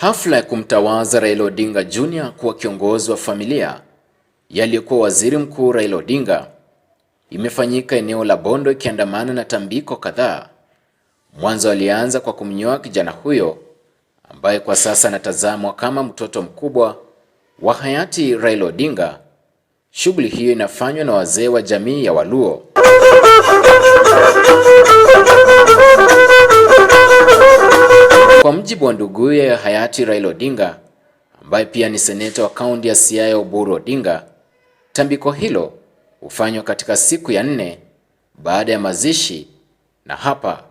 Hafla ya kumtawaza Raila Odinga Jr. kuwa kiongozi wa familia ya aliyekuwa waziri mkuu Raila Odinga imefanyika eneo la Bondo ikiandamana na tambiko kadhaa. Mwanzo alianza kwa kumnyoa kijana huyo ambaye kwa sasa anatazamwa kama mtoto mkubwa wa hayati Raila Odinga. Shughuli hiyo inafanywa na wazee wa jamii ya Waluo. ya hayati Raila Odinga ambaye pia ni seneta wa kaunti ya Siaya Oburu Odinga. Tambiko hilo hufanywa katika siku ya nne baada ya mazishi, na hapa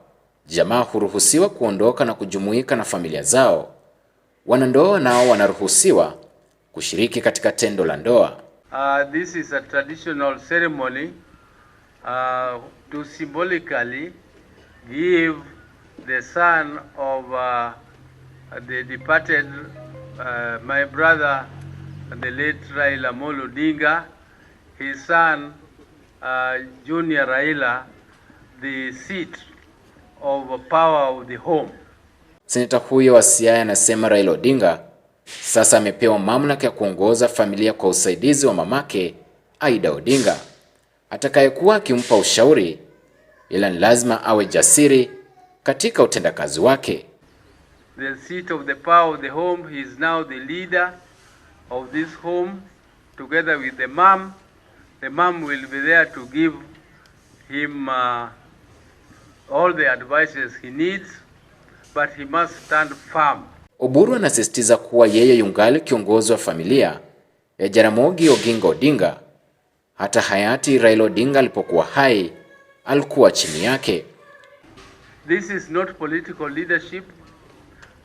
jamaa huruhusiwa kuondoka na kujumuika na familia zao. Wanandoa nao wanaruhusiwa kushiriki katika tendo la ndoa. Uh, this is a traditional ceremony uh, to symbolically give the son of uh, the departed, uh, my brother, the late Raila Molo Dinga, his son, uh, Junior Raila, the seat of power of the home. Seneta huyo wa Siaya anasema Raila Odinga sasa amepewa mamlaka ya kuongoza familia kwa usaidizi wa mamake Aida Odinga atakayekuwa akimpa ushauri, ila ni lazima awe jasiri katika utendakazi wake the seat of the power of the home. He is now the leader of this home together with the mom. The mom will be there to give him uh, all the advices he needs, but he must stand firm. Oburu anasisitiza kuwa yeye yungali kiongozi wa familia ya Jaramogi Oginga Odinga. Hata hayati Raila Odinga alipokuwa hai alikuwa chini yake. This is not political leadership.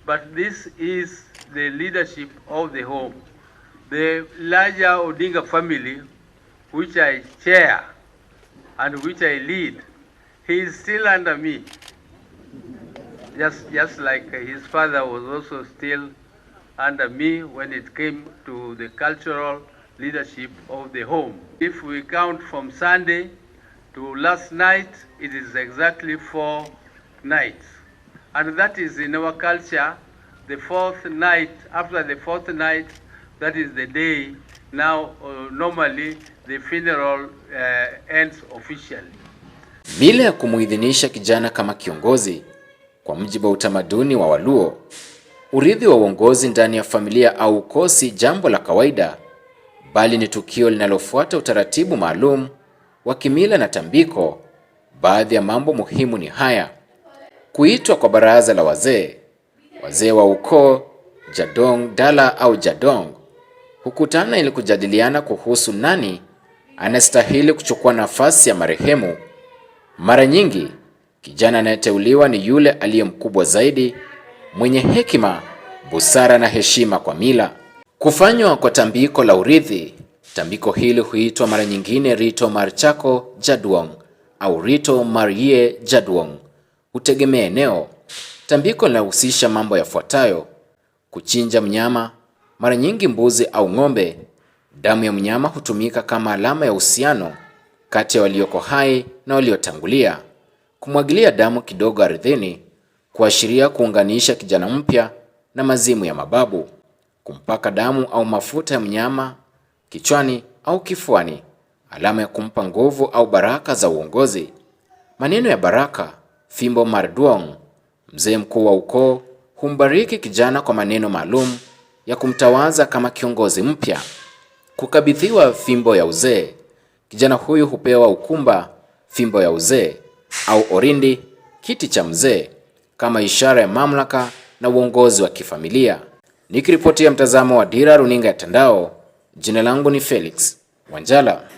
but this is the leadership of the home. The larger Odinga family, which I chair and which I lead, he is still under me. Just, just like his father was also still under me when it came to the cultural leadership of the home. If we count from Sunday to last night, it is exactly four nights. and that is in our culture the fourth night after the fourth night that is the day now uh, normally the funeral uh, ends officially bila ya kumuidhinisha kijana kama kiongozi kwa mujibu wa utamaduni wa Waluo urithi wa uongozi ndani ya familia au kosi jambo la kawaida bali ni tukio linalofuata utaratibu maalum wa kimila na tambiko baadhi ya mambo muhimu ni haya kuitwa kwa baraza la wazee. Wazee wa ukoo Jadong Dala au Jadong hukutana ili kujadiliana kuhusu nani anastahili kuchukua nafasi ya marehemu. Mara nyingi kijana anayeteuliwa ni yule aliye mkubwa zaidi, mwenye hekima, busara na heshima kwa mila. Kufanywa kwa tambiko la urithi. Tambiko hili huitwa mara nyingine rito marchako jadwong au rito marie jadwong hutegemea eneo. Tambiko linahusisha mambo yafuatayo: kuchinja mnyama, mara nyingi mbuzi au ng'ombe. Damu ya mnyama hutumika kama alama ya uhusiano kati ya walioko hai na waliotangulia. Kumwagilia damu kidogo ardhini kuashiria kuunganisha kijana mpya na mazimu ya mababu. Kumpaka damu au mafuta ya mnyama kichwani au kifuani, alama ya kumpa nguvu au baraka za uongozi. Maneno ya baraka Fimbo Marduong, mzee mkuu wa ukoo, humbariki kijana kwa maneno maalum ya kumtawaza kama kiongozi mpya. Kukabidhiwa fimbo ya uzee, kijana huyu hupewa ukumba, fimbo ya uzee au orindi, kiti cha mzee, kama ishara ya mamlaka na uongozi wa kifamilia. ya mtazamo wa Dira Runinga ya Tandao, jina langu ni Felix Wanjala.